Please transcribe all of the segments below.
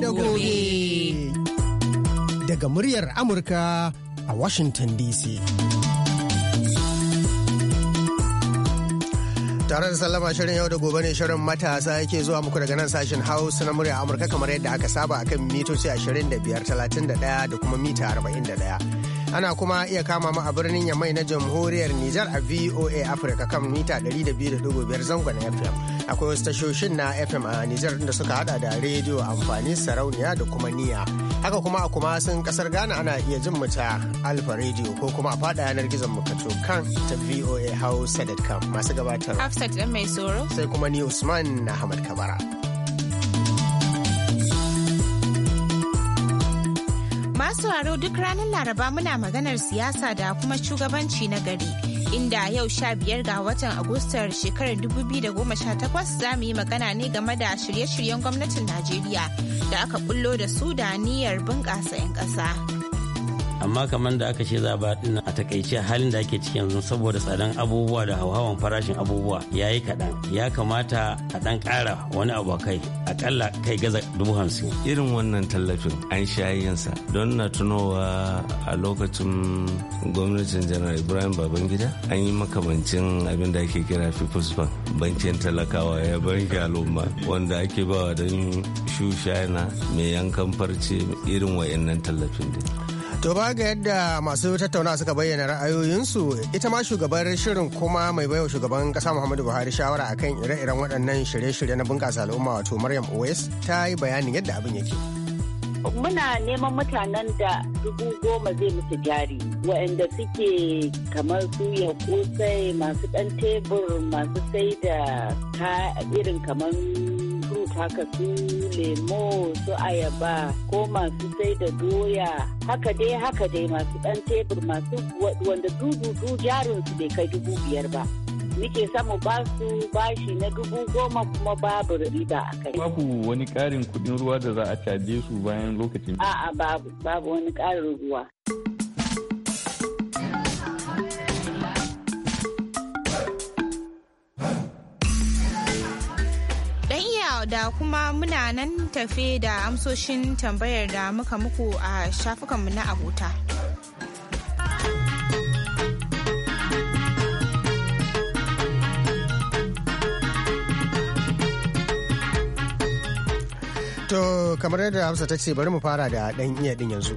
da gobe. Daga muryar Amurka a Washington DC. Tare da sallama shirin yau da gobe ne shirin matasa yake zuwa muku daga nan sashen Hausa na murya Amurka kamar yadda aka saba akan mitoci 25, 31 da kuma mita 41. Ana kuma iya kama mu a birnin Yamai na Jamhuriyar Nijar a VOA Africa kan mita 200.5 zangon FM. Akwai wasu tashoshin na FM a Nijar da suka hada da rediyo amfani sarauniya da kuma niya. Haka kuma a kuma sun kasar Ghana ana iya jin mu ta Alfa Radio ko kuma a fada yanar gizon mu kato kan ta VOA Hausa.com masu gabatar. Hafsat dan mai tsoro. Sai kuma ni Usman Ahmad Kabara. Masu haro duk ranar Laraba muna maganar siyasa da kuma shugabanci na gari. Inda yau sha biyar ga watan Agustar shekarar 2018 za mu yi magana ne game da shirye-shiryen gwamnatin Najeriya da aka bullo da su da niyyar bunƙasa 'yan ƙasa. amma kamar da aka ce za ba a takaice halin da ake ciki yanzu saboda tsadan abubuwa da hauhawan farashin abubuwa ya yi kaɗan ya kamata a ɗan ƙara wani abu kai akalla kai gaza dubu hamsin. irin wannan tallafin an sha yinsa don na tunowa a lokacin gwamnatin janar ibrahim babangida an yi makamancin abin da ake kira people's bank bankin talakawa ya banki al'umma wanda ake bawa don shushana mai yankan farce irin wa'annan tallafin din To ba ga yadda masu tattauna suka bayyana ra'ayoyinsu ita ma shugabar shirin kuma mai baiwa shugaban kasa Muhammadu Buhari shawara akan ire-iren waɗannan shirye-shirye na bunƙasa al'umma wato Maryam Owes ta yi bayanin yadda abin yake. Muna neman mutanen da dubu goma zai musu jari waɗanda suke kamar su ya kosai masu ɗan tebur masu sai da irin kamar haka su lemo su ayaba ko masu sai da doya haka dai haka dai masu dan tebur masu wanda du jarin su bai kai dubu biyar ba muke samu ba su bashi na dubu goma kuma babu riba a kai. Babu wani ƙarin kuɗin ruwa da za a caje su bayan lokacin? A'a babu, babu wani ƙarin ruwa. da kuma muna nan tafe da amsoshin tambayar da muka muku a shafukanmu na abota. To kamar yadda Hamsa ta ce bari mu fara da ɗan iya ɗin yanzu.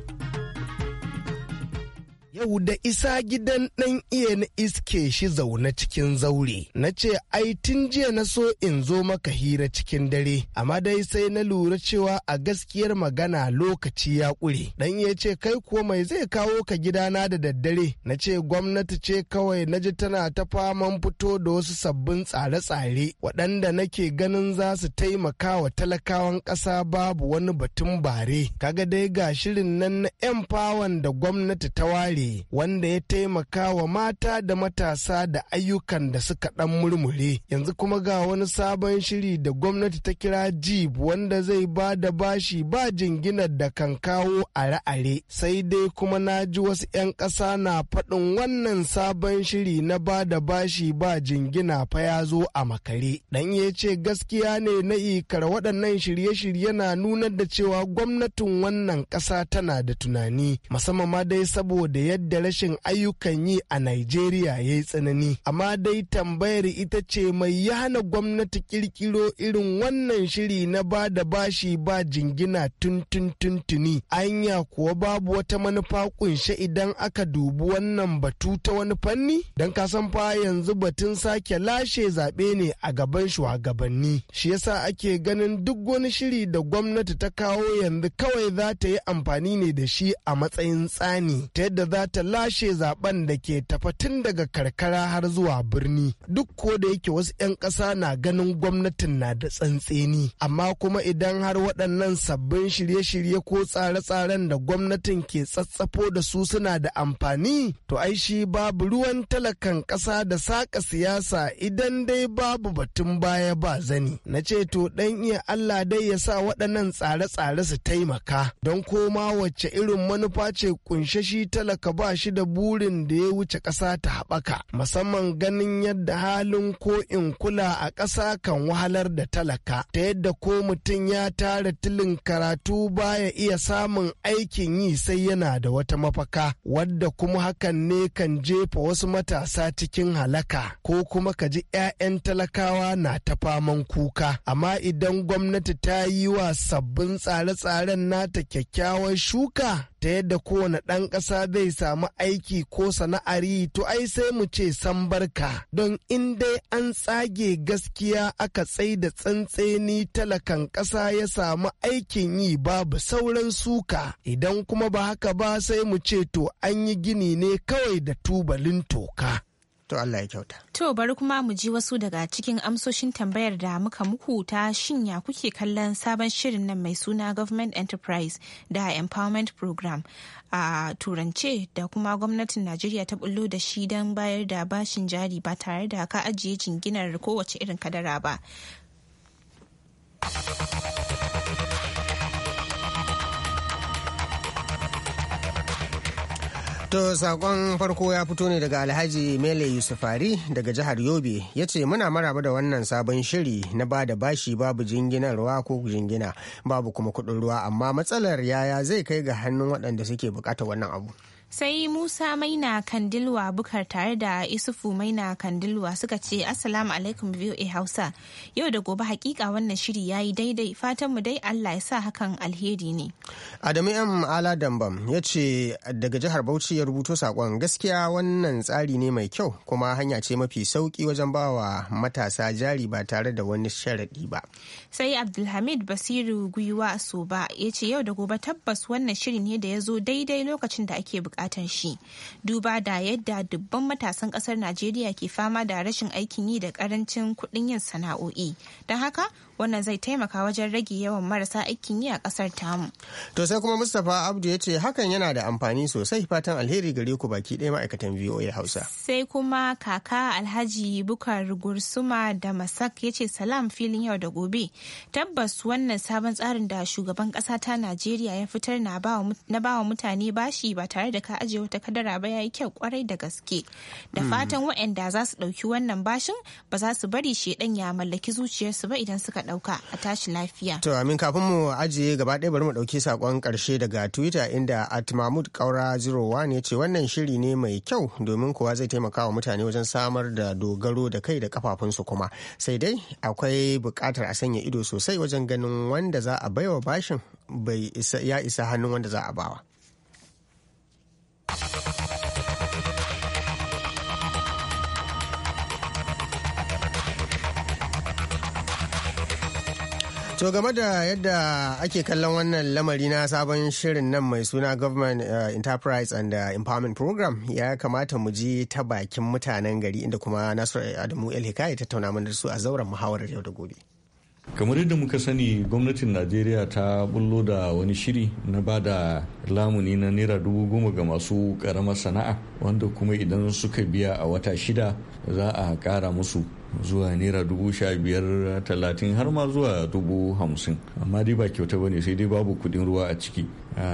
yau da isa gidan ɗan iya na iske shi zaune cikin zaure. Na ce ai tun jiya na so in zo maka hira cikin dare, amma dai sai na lura cewa a gaskiyar magana lokaci ya ƙure. Dan iya ce kai kuwa mai zai kawo ka gidana da daddare. Na ce gwamnati ce kawai na ji tana ta faman fito da wasu sabbin tsare-tsare waɗanda nake ganin za su taimaka wa talakawan ƙasa babu wani batun bare. Kaga dai ga shirin nan na 'yan fawon da gwamnati ta ware wanda ya taimaka wa mata da matasa da ayyukan da suka dan murmure yanzu kuma ga wani sabon shiri da gwamnati ta kira jib wanda zai ba da bashi ba jinginar da kan kawo are-are sai dai kuma na ji wasu 'yan ƙasa na faɗin wannan sabon shiri na ba da bashi ba jingina fa ya zo a makare dan ya ce gaskiya ne na ikar waɗannan shirye-shirye na nunar da cewa gwamnatin wannan ƙasa tana da tunani musamman ma dai saboda ya yadda rashin ayyukan yi a Najeriya ya yi tsanani. Amma dai tambayar ita ce mai ya hana gwamnati kirkiro irin wannan shiri na ba da bashi ba jingina tuntun tuntuni. Anya kuwa babu wata manufa kunshe idan aka dubi wannan batu ta wani fanni? Don ka san fa yanzu batun sake lashe zaɓe ne a gaban shugabanni. Shi yasa ake ganin duk wani shiri da gwamnati ta kawo yanzu kawai za ta yi amfani ne da shi a matsayin tsani ta yadda za ta lashe zaben da ke tafa tun daga karkara har zuwa birni duk ko da yake wasu 'yan ƙasa na ganin gwamnatin na da tsantseni amma kuma idan har waɗannan sabbin shirye-shirye ko tsare-tsaren da gwamnatin ke tsatsafo da su suna da amfani to ai shi babu ruwan talakan ƙasa da saka siyasa idan dai babu batun baya ba zani na ce to dan iya Allah dai ya sa waɗannan tsare-tsare su taimaka don koma wacce irin manufa ce kunshe shi talaka ba shi da burin da ya wuce ƙasa ta haɓaka musamman ganin yadda halin ko in kula a ƙasa kan wahalar da talaka ta yadda ko mutum ya tara tilin karatu baya iya samun aikin yi sai yana da wata mafaka wadda kuma hakan ne kan jefa wasu matasa cikin halaka ko kuma ka ji 'ya'yan talakawa na ta faman kuka amma idan gwamnati ta yi wa sabbin tsare-tsaren nata kyakkyawar shuka ta yadda kowane ɗan ƙasa zai samu aiki ko sana'ari to ai sai mu ce san barka don in dai an tsage gaskiya aka tsai da tsantseni talakan ƙasa ya samu aikin yi babu sauran suka idan kuma ba haka ba sai mu ce to an yi gini ne kawai da tubalin toka. To Allah ya kyauta. To bari kuma mu ji wasu daga cikin amsoshin tambayar da muka muku ta shinya kuke kallon sabon shirin nan mai suna Government Enterprise da Empowerment Program a turance da kuma gwamnatin Najeriya ta bullo da shi don bayar da bashin jari ba tare da ka ajiye jinginar kowace irin kadara ba. To sakon farko ya fito ne daga Alhaji Mele Yusufari daga jihar Yobe ya ce muna maraba da wannan sabon shiri na ba da bashi babu jinginarwa ko jingina babu kuma kuɗin ruwa amma matsalar yaya zai kai ga hannun waɗanda suke bukata wannan abu. sai musa maina kandilwa bukar tare da isufu maina kandilwa suka ce assalamu alaikum voa hausa yau da gobe hakika wannan shiri ya yi daidai mu dai allah ya sa hakan alheri ne adamu yan ala dambam ya ce daga jihar bauchi ya rubuto sakon gaskiya wannan tsari ne mai kyau kuma hanya ce mafi sauki wajen bawa matasa jari ba tare da wani sharaɗi ba sai abdulhamid basiru gwiwa soba ya ce yau da gobe tabbas wannan shiri ne da ya zo daidai lokacin da ake bukata bukatan shi duba da yadda dubban matasan kasar najeriya ke fama da rashin aikin yi da karancin kuɗin yin sana'o'i don haka wannan zai taimaka wajen rage yawan marasa aikin yi a kasar tamu to sai kuma mustapha abdu ya ce hakan yana da amfani sosai fatan alheri gare ku baki ɗaya ma'aikatan voa hausa sai kuma kaka alhaji bukar gursuma da masak ya ce salam filin yau da gobe tabbas wannan sabon tsarin da shugaban ƙasa ta najeriya ya fitar na bawa mutane bashi ba tare da ka ajiye wata kadara ba ya yi kyau kwarai da gaske da hmm. fatan waɗanda za su ɗauki wannan bashin ba za su bari shi ya mallaki zuciyarsu ba idan suka dauka a tashi lafiya. To amin kafin mu ajiye gaba ɗaya bari mu ɗauki sakon ƙarshe daga Twitter inda at Mahmud Kaura 01 ya ce wannan shiri ne mai kyau domin kuwa zai taimaka wa mutane wajen samar da dogaro da kai da kafafunsu kuma. Sai dai akwai buƙatar a sanya ido sosai wajen ganin wanda za a baiwa bashin bai ya isa hannun wanda za a bawa. To game da yadda ake kallon wannan lamari na sabon shirin nan mai suna Government eh, Enterprise and eh, Empowerment Program ya kamata mu ji ta bakin mutanen gari inda kuma Nasiru Adamu El Hikaya tattauna mana da su a zauren muhawarar yau da gobe. kamar yadda muka sani gwamnatin najeriya ta bullo da wani shiri na ba da lamuni na naira dubu goma ga masu karama sana'a wanda kuma idan suka biya a wata shida za a kara musu zuwa naira dubu sha biyar talatin har ma zuwa dubu hamsin amma dai ba kyauta ba ne sai dai babu kudin ruwa a ciki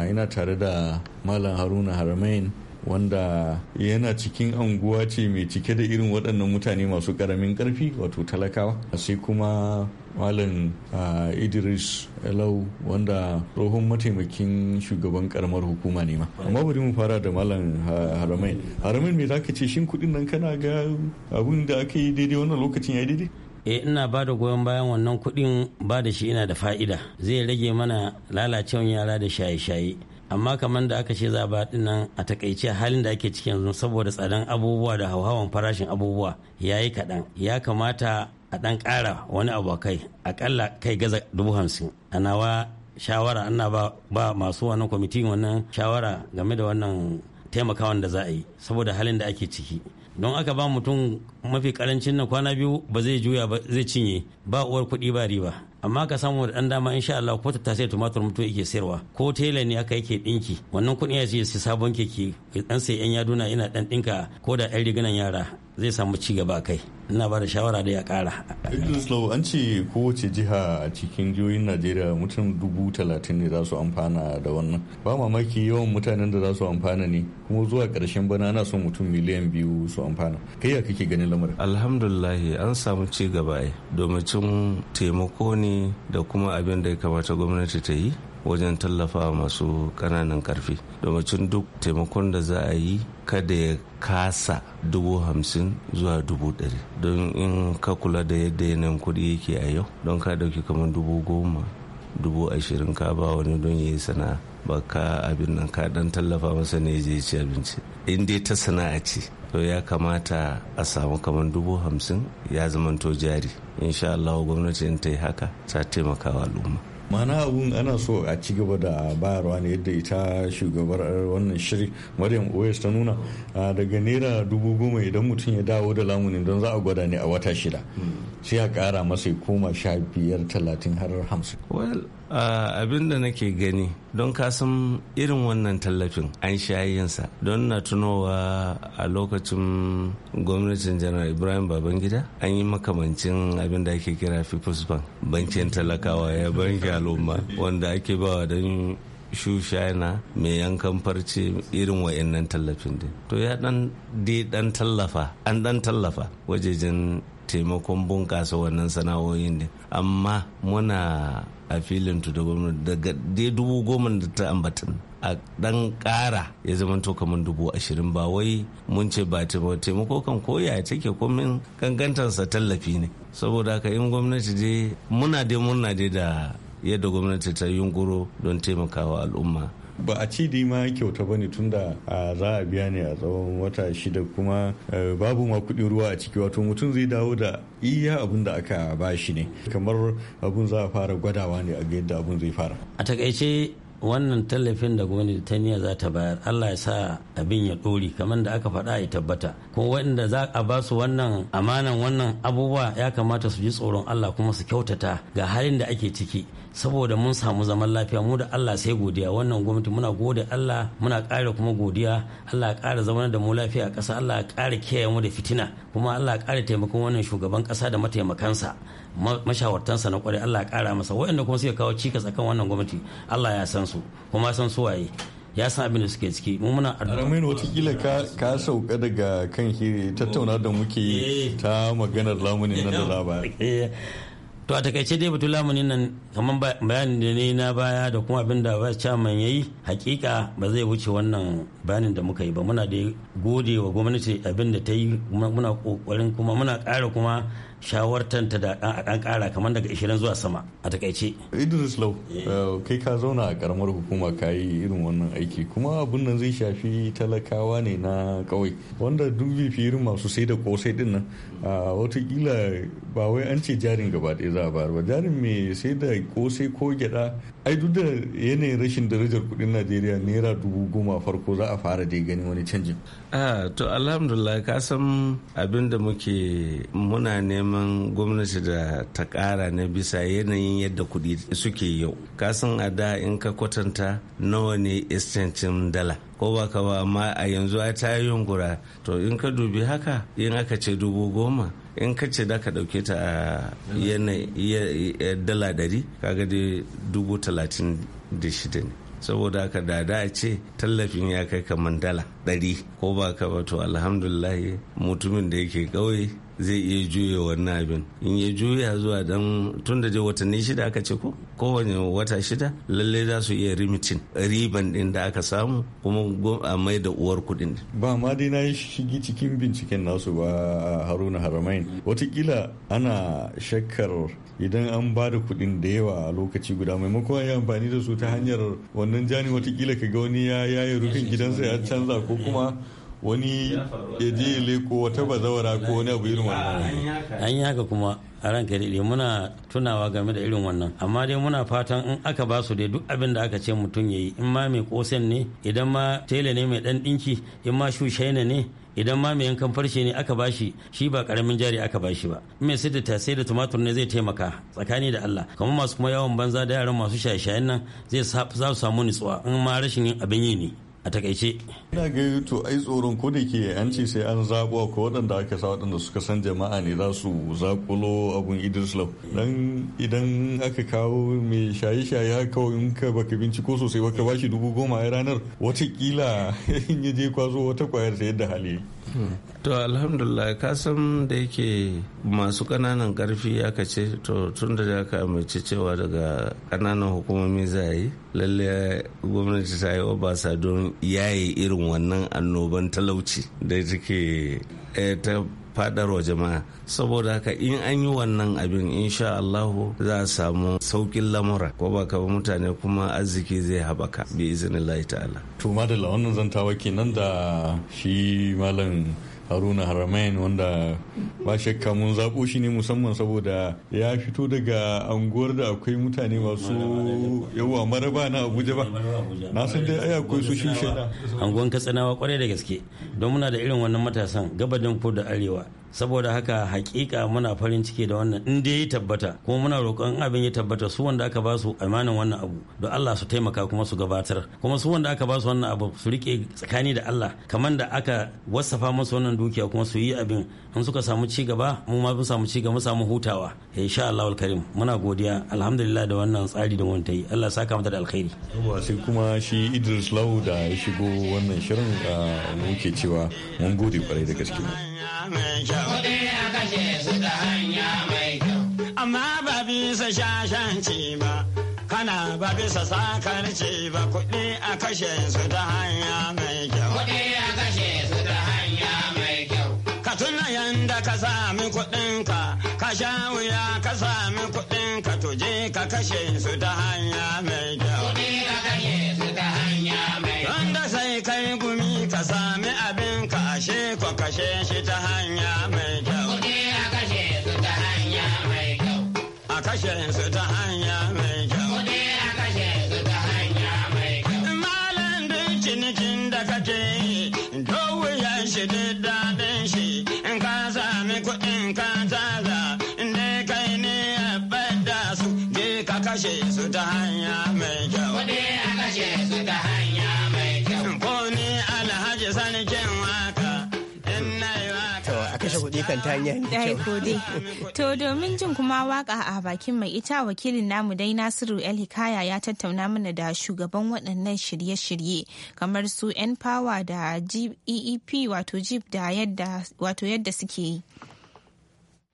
ina tare da malam haruna haramain wanda yana cikin anguwa ce mai cike da irin waɗannan mutane masu ƙaramin ƙarfi wato talakawa sai kuma malam ah, idris elau wanda tsohon mataimakin shugaban karamar hukuma ne ma amma bari mu fara da malam haramain haramain me ka ce shin kudin nan kana ga abun da aka yi daidai wannan lokacin ya yi daidai e ina ba da goyon bayan wannan kudin ba da shi ina da fa'ida zai rage mana lalacewan yara da shaye-shaye amma kamar da aka ce za ba dinnan a takaice halin da ake cikin yanzu saboda tsadan abubuwa da hauhawan farashin abubuwa ya yi kaɗan ya kamata a ɗan ƙara wani abokai kai aƙalla kai gaza dubu hamsin a nawa shawara ana ba, ba masu wannan kwamitin wannan shawara game da wannan taimakawan da za a yi saboda halin da ake ciki don aka ba mutum mafi karancin na kwana biyu ba zai juya ba zai cinye ba uwar kuɗi ba riba amma ka samu da dan dama insha Allah ko ta sai tumatur mutu yake sayarwa ko tela ne aka yake dinki wannan kudin ya je sabon keke dan sai yan yaduna ina dan dinka ko da yan riganan yara zai samu ci gaba kai ina ba da shawara da ya kara idris lau an ce kowace jiha a cikin jihohin najeriya mutum dubu talatin ne za su amfana da wannan ba mamaki yawan mutanen da za su amfana ne kuma zuwa karshen bana na son mutum miliyan biyu su amfana kai ya kake ganin lamarin alhamdulillah an samu ci gaba eh, domin taimako ne da kuma abin da ya kamata gwamnati ta yi wajen tallafa masu kananan karfi domin duk taimakon da za a yi kada ya kasa dubu hamsin zuwa dubu ɗari don in ka kula da yadda yanayin kuɗi yake a yau don ka ɗauki kamar dubu goma dubu ashirin ka ba wani don ya yi sana'a ba ka abin nan ka dan tallafa masa ne je ci abinci in dai ta sana'a ce to ya kamata a samu kamar dubu hamsin ya zamanto jari insha Allah gwamnati in ta yi haka ta taimaka wa al'umma mana abun ana so a ci gaba da bayarwa ne yadda ita shugabar wannan shiri maryam oyes ta nuna daga naira dubu goma idan mutum ya dawo da lamuni don za a gwada ne a wata shida hmm. sai a kara masa koma sha biyar talatin har hamsin abin da nake gani don kasan irin wannan tallafin an sha yinsa don na tunowa a lokacin gwamnatin janar ibrahim babangida an yi makamancin abin da ake kira people's bank bankin talakawa ya banki al'umma wanda ake bawa don shu shayina mai yankan farce irin wa'annan tallafin din to ya dan dan tallafa an dan tallafa wajejen taimakon bunƙasa wannan sana'o'in ne amma muna a filin da gwamnati daga dai dubu goma da ta ambatan a dan ƙara ya zama to kamar dubu ashirin ba wai mun ce ba taimako kan koya take komin kankantarsa tallafi ne saboda haka in gwamnati dai muna dai muna dai da yadda gwamnati ta yunkuro don taimakawa al'umma ba a ci ma kyauta ba bane tunda za a biya ne a tsawon wata shida kuma e, babu ma kuɗin ruwa a ciki wato mutum zai dawo da iya abin da aka ba shi ne kamar abun za a fara gwadawa ne a ga yadda abun zai fara a takaice wannan tallafin da gwamnati ta niyya za ta bayar allah ya sa abin ya ɗori kamar da aka faɗa ya tabbata ko wanda za a ba su wannan amanan wannan abubuwa ya kamata su ji tsoron allah kuma su kyautata ga halin da ake ciki saboda mun samu zaman lafiya mu da allah sai godiya wannan gwamnati muna gode allah muna ƙara kuma godiya allah ya ƙara zaman da mu lafiya ƙasa allah ya ƙara kiyaye mu da fitina kuma allah ya ƙara taimakon wannan shugaban ƙasa da mataimakansa mashawartansa na kwarai Allah ya kara masa waɗanda kuma suka kawo cikas akan wannan gwamnati Allah ya san su kuma san su waye ya san abin da suke ciki mu muna Ramin watakila ka sauka daga kan hiri tattauna da muke ta maganar lamunin nan da raba eh, to a takaice dai batu lamunin nan kamar bayanin da ne na baya da kuma abin da vice chairman yayi hakika ba zai wuce wannan bayanin da muka yi ba muna da gode wa gwamnati abin da ta yi muna kokarin kuma muna ƙara kuma shawartanta da dan kara kamar daga 20 zuwa sama a takaice idris lau eh. Eh, kai ka zauna a karamar hukuma ka yi irin wannan aiki kuma abin nan zai shafi talakawa ne na kawai wanda duk fi irin masu sai da kosai din nan watakila ba wai an ce jarin gaba ɗaya za a bayar ba jarin mai sai da kosai ko gyada ai duk da yanayin rashin darajar kudin najeriya naira dubu goma farko za a fara dai gani wani canjin ah, to alhamdulillah ka san abin da muke muna neman neman gwamnati da ta kara na bisa yanayin yadda kuɗi suke yau kasan a da in ka kwatanta nawa ne istancin dala ko ba ka ba amma a yanzu a ta yunkura to in ka dubi haka in aka ce dubu goma in ka ce da ka dauke ta a yanayi dala ɗari. kaga dai dubu talatin da shida ne saboda haka da da ce tallafin ya kai kamar dala ɗari ko ba ka ba to alhamdulillah mutumin da yake ƙauye zai iya juya wannan abin in ya juya zuwa dan tun da watanni shida aka ce ko kowane wata shida lalle za su iya rimitin riban din da aka samu kuma a mai da uwar kudin ba ma dai na yi shigi cikin binciken nasu ba haruna haramain watakila ana shakkar idan an ba da kuɗin da yawa a lokaci guda maimakon ya amfani da su ta hanyar wannan jani watakila ka ga wani ya yaye rufin gidansa ya canza ko kuma wani ya je wata bazawara ko wani abu irin wannan an yi haka kuma a ranka daɗe muna tunawa game da irin wannan amma dai muna fatan in aka ba su dai duk abin da aka ce mutum ya yi in ma mai kosen ne idan ma tela ne mai ɗan ɗinki in ma shushaina ne idan ma mai yankan farshe ne aka bashi shi ba karamin jari aka ba shi ba mai sai da tasai da tumatur ne zai taimaka tsakani da Allah kamar masu kuma yawon banza da yaran masu shaye-shayen nan zai za su samu nutsuwa in ma rashin yin abin yi ne a takaice. Ina ga to ai tsoron ko da ke an ce sai an zabo ko waɗanda aka sa waɗanda suka san jama'a ne za su zakulo abun Idris Law. Dan idan aka kawo mai shaye-shaye haka in ka baka binciko sosai baka bashi dubu goma a ranar watakila in ya je kwazo wata kwayar sai da hali. to alhamdulillah ka san da yake masu kananan karfi aka ce to tun da ka amince cewa daga kananan hukumomi za yi lalle gwamnati ta yi obasa don yaye irin wannan annoban talauci da take eh, ta fadarwa jama'a saboda haka in an yi wannan abin insha Allahu za a samu saukin lamura ko ba ka mutane kuma arziki zai haɓaka bi izinillahi ta'ala to madalla wannan zantawa kenan da shi malam haruna haramain wanda ba shakka mun zaɓo shi ne musamman saboda ya fito daga anguwar da akwai mutane masu yawa maraba na abuja ba na san dai aya akwai su shi anguwan katsinawa kwarai da gaske don muna da irin wannan matasan gabadin ko da arewa saboda haka hakika muna farin ciki da wannan in dai ya tabbata kuma muna roƙon abin ya tabbata su wanda aka ba su amanin wannan abu don Allah su taimaka kuma su gabatar kuma su wanda aka ba su wannan abu su rike tsakani da Allah kamar da aka wasafa musu wannan dukiya kuma su yi abin in suka samu ci gaba mu ma mun samu ci gaba samu hutawa insha Allah alkarim muna godiya alhamdulillah da wannan tsari da wanda ta yi Allah saka mata da alkhairi sai kuma shi Idris Lau da ya shigo wannan shirin ah, muke cewa mun gode kwarai da gaske Amma ba bisa shashanci ba, kana ba bisa sakarci ba kuɗi a kashe su ta hanya mai kyau. kashe su ta mai kyau. Ka tuna yanda ka sami kuɗinka, ka sha wuya ka sami kuɗinka tuje ka kashe su ta hanya mai kyau. kashe su ta hanya mai kyau. sami abin ka ashe ko kashe shi ta hanya mai kyau. Kuɗi a kashe su ta hanya mai kyau. A kashe su ta hanya hakan ta kyau. To domin jin kuma waka a bakin mai ita wakilin namu dai Nasiru El Hikaya ya tattauna mana da shugaban waɗannan shirye-shirye kamar su yan Power da geep wato Jeep da wato yadda suke yi.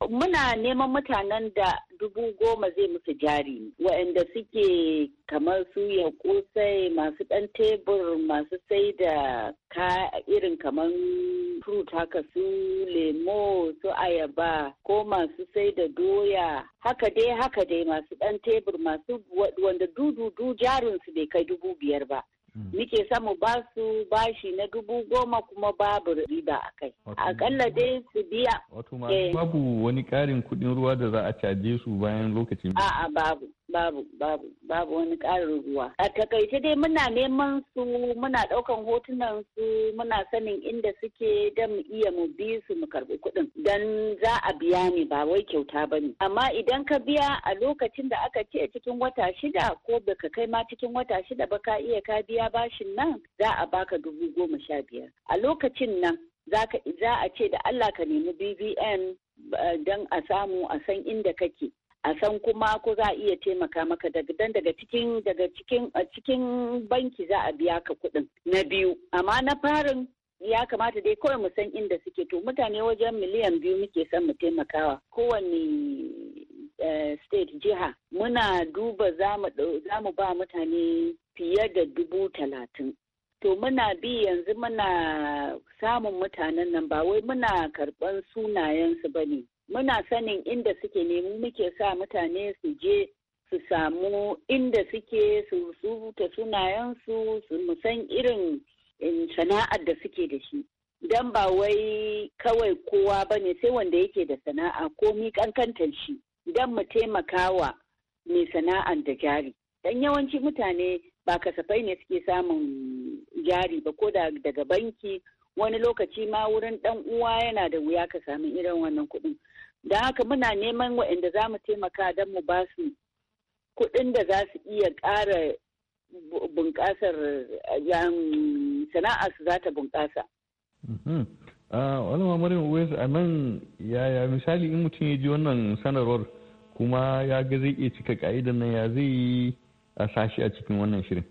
muna neman mutanen da dubu goma zai musu jari waɗanda suke kamar su ya kosai masu ɗan tebur masu sai da ka irin kamar fruit haka su lemo su ayaba ko masu sai da doya haka dai haka dai masu ɗan tebur masu wanda dudu du jarin su bai kai dubu biyar ba Mm. muke samu ba su bashi na dubu goma kuma babu riba a kai akalla dai su biya eh. babu wani karin kudin ruwa da za a caje su bayan lokacin a'a babu babu babu babu wani ƙarin ruwa a takaice dai muna neman su muna ɗaukan hotunan su muna sanin inda suke don mu iya mu bi su mu karbi kuɗin dan za a biya ne ba wai kyauta ba ne amma idan ka biya a lokacin da aka ce cikin wata shida ko baka kai ma cikin wata shida ba ka iya ka biya bashin nan za a baka dubu goma sha biyar a lokacin nan za a ce da Allah ka nemi bbn eh, don a samu a san inda kake a san kuma ko za a iya taimaka maka daga dan daga cikin daga cikin a cikin banki za a biya ka kuɗin na biyu amma na farin ya kamata dai kawai mu san inda suke to mutane wajen miliyan biyu muke son mu taimakawa kowane eh, state jiha muna duba za mu ba mutane fiye da dubu talatin to muna bi yanzu muna samun mutanen nan ba wai muna karɓan sunayensu ba ne muna sanin inda suke ne muke sa mutane su je su samu inda suke su rubuta sunayensu su musan irin eh, sana'ar da suke da shi don ba wai kawai kowa ba ne sai wanda yake da sana'a ko mi kankantar shi don mu taimakawa mai sana'ar da jari dan yawanci mutane ba kasafai ne suke samun jari ba ko daga banki wani lokaci ma wurin dan uwa yana da wuya ka samu irin wannan kuɗin Don haka muna neman waɗanda za mu taimaka don mu ba su kuɗin da za su iya ƙara bunƙasar sana'a su za ta bunƙasa. Mm-hmm. Ah, wani mamarin Uwais a nan yaya misali in mutum ya ji wannan sanarwar kuma ya ga zai iya cika ƙa'idar nan ya zai yi a sashi a cikin wannan shirin.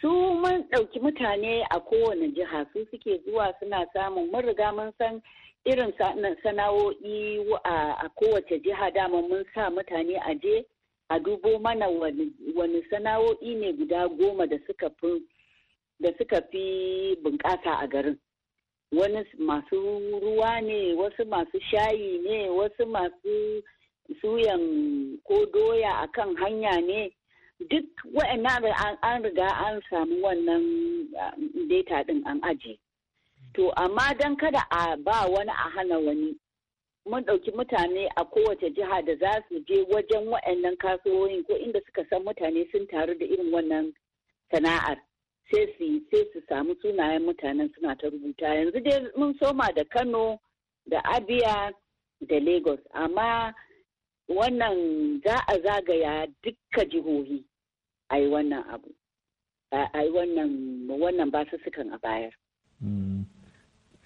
Su mun ɗauki mutane a kowane jiha su suke zuwa suna samun mun riga mun san irin sana'o'i a kowace jiha dama mun sa mutane a je a dubo mana wani sana'o'i ne guda goma da suka fi bunƙasa a garin wani masu ruwa ne wasu masu shayi ne wasu masu suyan ko doya a kan hanya ne duk wa'annan an riga an samu wannan um, data ɗin an ajiye To amma don kada a ba wani a hana wani mun ɗauki mutane a kowace jiha da za su je wajen wa'annan kasuwoyin ko inda suka san mutane sun taru da irin wannan sana'ar sai su sai su samu sunayen mutanen suna ta rubuta yanzu dai mun soma da kano da abia da lagos amma wannan za a zagaya dukka jihohi a yi wannan abu a yi wannan sukan a bayar. Mm.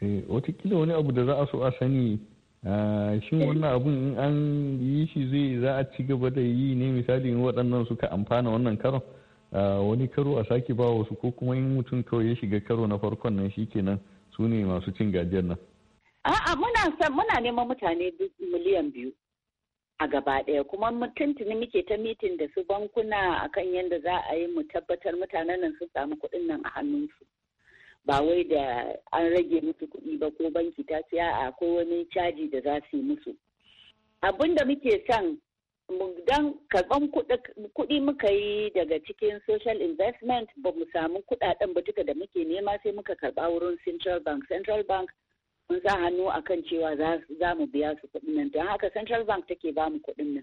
Eh, watakila wani abu da za a so a sani eh, shin wannan abun in an yi shi zai za a ci gaba da yi ne misali in waɗannan suka amfana wannan karon eh, wani karo a sake ba wasu ko kuma in mutum kawai ya shiga karo na farkon nan shikenan su ne masu cin gajiyar nan a'a muna san muna neman mutane miliyan biyu a gaba ɗaya kuma mutuntuni muke ta mitin da su bankuna akan yadda za a yi mu tabbatar mutanen nan sun samu kuɗin nan a hannunsu ba wai da an rage musu kuɗi ba ko banki ta siya a ko wani caji da za su yi musu abin da muke son don karban kuɗi muka yi daga cikin social investment ba mu samu kuɗaɗen ba duka da muke nema sai muka karɓa wurin central bank central bank mun sa hannu akan cewa za mu biya su kuɗin nan don haka central bank take ba mu kuɗin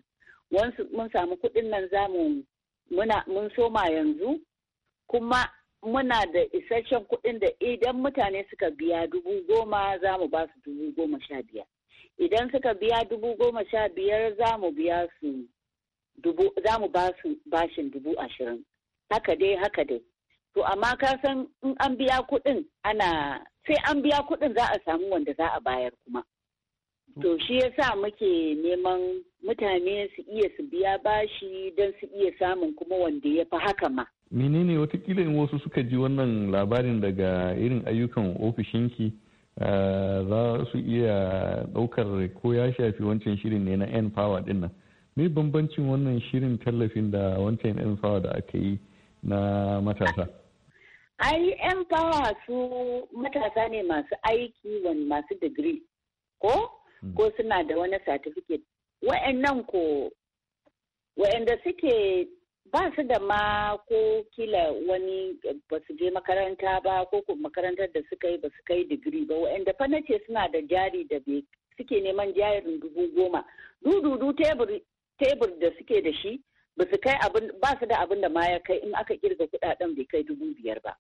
nan mun samu kuɗin nan za mu muna mun soma yanzu kuma muna da isasshen kuɗin da idan mutane suka biya dubu goma za mu ba su dubu goma sha biyar idan suka biya dubu goma sha biyar za mu biya su dubu za mu ba su bashin dubu ashirin haka dai haka dai to amma ka san in an biya kuɗin ana sai an biya kuɗin za a samu wanda za a bayar kuma to mm. shi yasa muke neman mutane su iya su biya bashi don su iya samun kuma wanda ya fi haka ma menene watakila in wasu suka ji wannan labarin daga irin ayyukan ofishinki eh, za su iya daukar ko ya shafi wancan shirin ne na n power din nan bambancin wannan shirin tallafin da wancan n power da aka yi na matasa ai n power su matasa ne masu aiki masu digiri ko hmm. ko suna da wani certificate wa'annan ko wa'anda suke ba su da ma ko kila wani ba su je makaranta ba ko makarantar da suka yi ba su kai digiri ba wa'anda fa nace suna da jari da be suke neman jarin dubu goma dududu tebur da suke da shi ba su kai ba su da abin da ma ya kai in aka kirga kudaden bai kai dubu biyar ba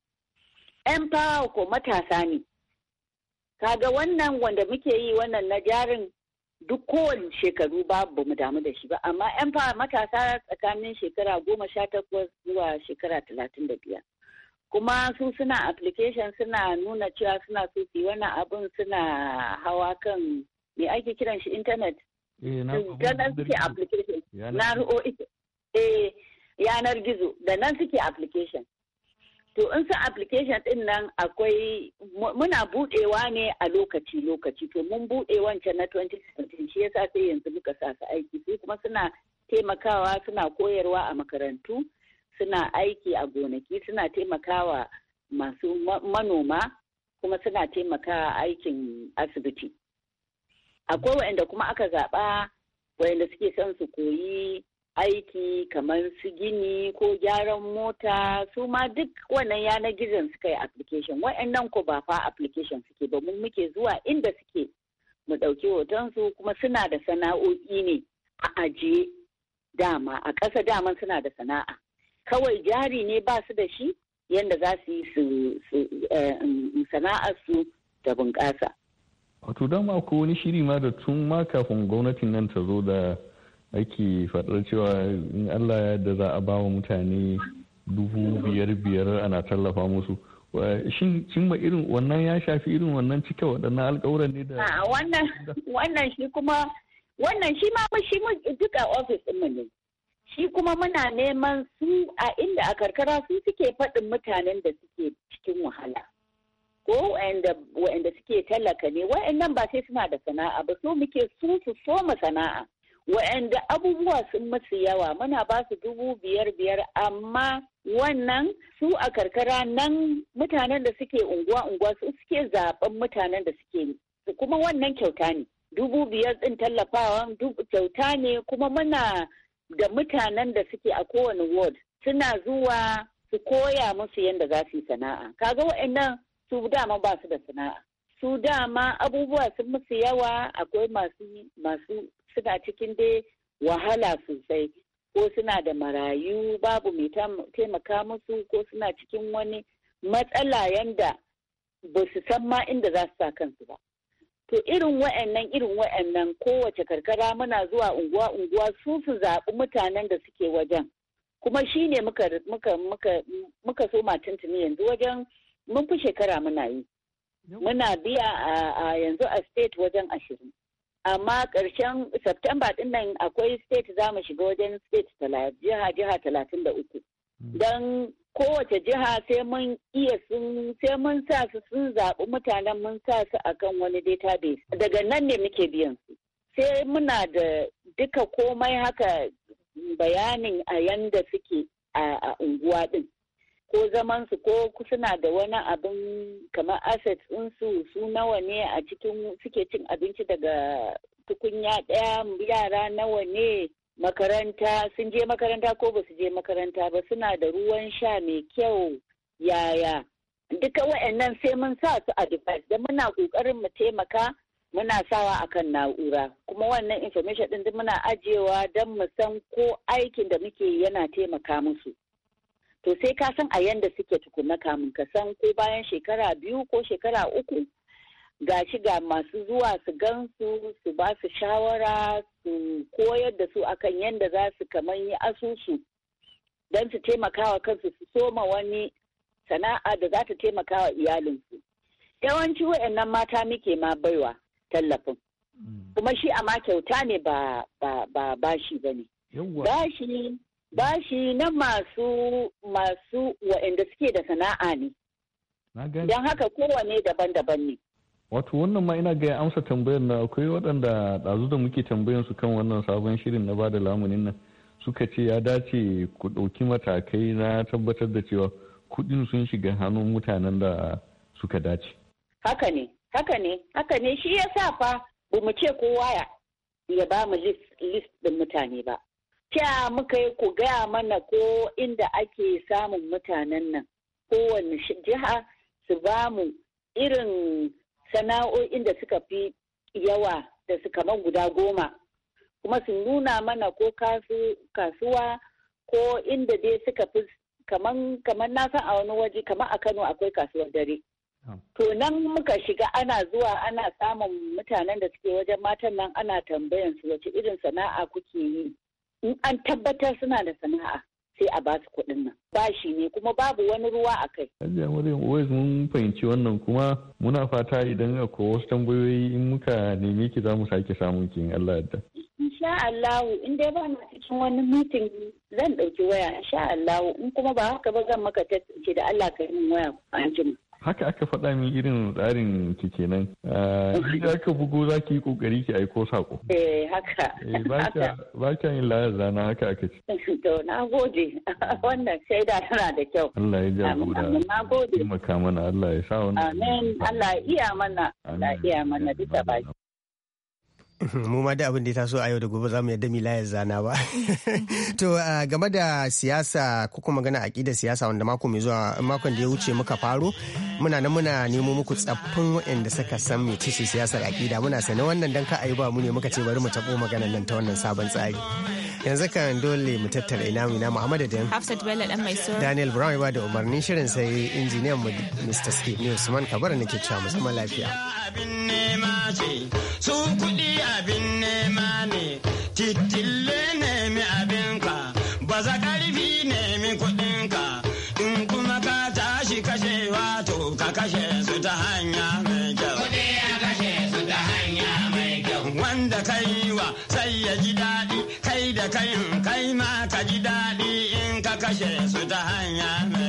yan fawa ko matasa ne kaga wannan wanda muke yi wannan na jarin duk kowane shekaru babu mu damu da shi ba amma yan fa matasa tsakanin shekara goma sha takwas zuwa shekara talatin da biyar kuma su suna application suna nuna cewa suna so su wani abun suna hawa kan me ake kiran shi internet da eh, nan suke application eh, yanar gizo da nan suke application To in su application din nan akwai muna buɗewa ne a lokaci lokaci to mun buɗe wancan na 2017 shi yasa sai yanzu muka sa su aiki sai kuma suna taimakawa suna koyarwa a makarantu suna aiki a gonaki suna taimakawa masu manoma kuma suna taimakawa aikin asibiti. Akwai waɗanda kuma aka zaɓa waɗanda suke son su koyi aiki kamar su gini ko gyaran mota su ma duk wannan yanar gizon suka yi application wa'annan ko ba fa application suke ba mun muke zuwa inda suke mu ɗauki hotonsu kuma suna da sana'o'i ne a ajiye dama a ƙasa daman suna da sana'a kawai jari ne ba su da shi yadda za su yi su su da eh, mm, bunƙasa. Wato dama ko wani shiri ma da tun ma kafin gwamnatin nan ta zo da ake faɗar cewa in allah ya da za a ba wa mutane dubu biyar biyar ana tallafa musu shin ma irin wannan ya shafi irin wannan cika waɗannan alƙawuran ne da wannan shi kuma wannan shi ma shi duk a ofis mu ne shi kuma muna neman su a inda a karkara su suke faɗin mutanen da suke cikin wahala ko wa'anda suke tallaka ne wa'annan ba sai suna da sana'a ba so muke su su soma sana'a wa'anda abubuwa sun masu yawa muna ba su dubu biyar biyar amma wannan su a karkara nan mutanen da suke unguwa-unguwa su suke zaben mutanen da suke kuma wannan kyauta ne dubu biyar din tallafawa kyauta ne kuma muna da mutanen da suke a kowane ward suna zuwa su koya musu yadda za su yi sana'a kaga wa'annan su dama ba su da sana'a su dama abubuwa sun musu yawa akwai masu suna cikin dai wahala sosai ko suna da marayu babu mai taimaka musu ko suna cikin wani matsala yanda ba su san ma inda za su sa kansu ba. To irin wa'annan irin wa'annan kowace karkara muna zuwa unguwa-unguwa su su zaɓi mutanen da suke wajen. Kuma shi ne muka, muka, muka, muka so yanzu wajen mun fi shekara muna yi. Muna biya a, yanzu a state wajen ashirin. amma ƙarshen Septemba din nan akwai state za mu shiga wajen state jiha jiha talatin da uku. Hmm. Don kowace jiha sai mun iya sun sai mun sa su sun zaɓi mutanen mun sa su akan wani database daga nan ne muke biyan su sai muna da duka komai haka bayanin a yanda suke a unguwa din. ko zaman su ko suna da wani abin kamar assets su su nawa ne a cikin suke cin abinci daga tukunya ɗaya yara nawa ne makaranta sun je makaranta ko ba su je makaranta ba suna da ruwan sha mai kyau yaya duka wayannan sai mun sa su a device da muna ƙoƙarin mu taimaka muna sawa akan na'ura kuma wannan information din muna ajiyewa don mu san ko aikin da muke yana taimaka musu to sai ka san a yanda suke tukuna kamun ka san ko bayan shekara biyu ko shekara uku ga shi ga masu zuwa su gansu su ba su shawara su koyar da su akan yanda za su kamar yi asusu don su taimakawa kansu su soma wani sana'a da za ta taimakawa iyalinsu yawanci waɗannan mata muke ma baiwa tallafin mm. kuma shi amma kyauta ne ba ba ba ne. ba bashi bashi na masu masu waɗanda suke da sana'a ne. Don haka kowane daban-daban ne. Wato wannan ma ina gaya amsa tambayar na akwai waɗanda ɗazu da muke tambayar su kan wannan sabon shirin na bada lamunin nan suka ce ya dace ku ɗauki matakai na tabbatar da cewa kuɗin sun shiga hannun mutanen da suka dace. Haka ne, haka ne, haka ne shi ya sa fa ba mu ce kowa ya ba mu list ɗin mutane ba. Kya muka yi ku gaya mana ko inda ake samun mutanen nan kowane jiha su ba mu irin sana'o'in da suka fi yawa da su kamar guda goma kuma su nuna mana ko kasuwa ko inda dai suka fi kamar na san a wani waje kamar a kano akwai kasuwar dare oh. to nan muka shiga ana zuwa ana samun mutanen da suke wajen matan nan ana tambayan su wace irin sana'a kuke yi in an tabbatar suna da sana'a sai a ba su kuɗin nan Ba shi ne kuma babu wani ruwa a kai. Hajiya Maryam Uwais mun fahimci wannan kuma muna fata idan akwai wasu tambayoyi in muka neme ki za mu sake samun ki in Allah yadda. Insha Allahu in dai ba na cikin wani mitin zan ɗauki waya insha Allahu in kuma ba haka ba zan maka ce da Allah ka yi waya a jima. haka aka faɗa min irin tsarin ki kenan ah, da aka bugo za ki yi kokari ki aiko sako eh haka eh, ba ka yin layar zana haka aka ci to na gode wannan shaida tana da kyau Allah ya jagora na gode taimaka mana Allah ya sa wani. amin Allah ya iya mana Allah ya iya mana duka baki mu ma da abin da ya taso a yau da gobe za mu yadda ya zana ba to game da siyasa ko kuma magana aƙidar siyasa wanda mako mai zuwa makon da ya wuce muka faro muna nan muna nemo muku tsaffin waɗanda suka san mai siyasar aƙida muna sane wannan dan ka a ba mu ne muka ce bari mu taɓo maganar nan ta wannan sabon tsari yanzu kan dole mu tattara ina mu ina Muhammadu Dan Bello dan mai sura Daniel Brown ba da umarnin shirin sai injiniyan mu Mr. Skip news Usman kabar nake cewa mu zama lafiya abin nema ce su kudi abin nema ne titille ne hanya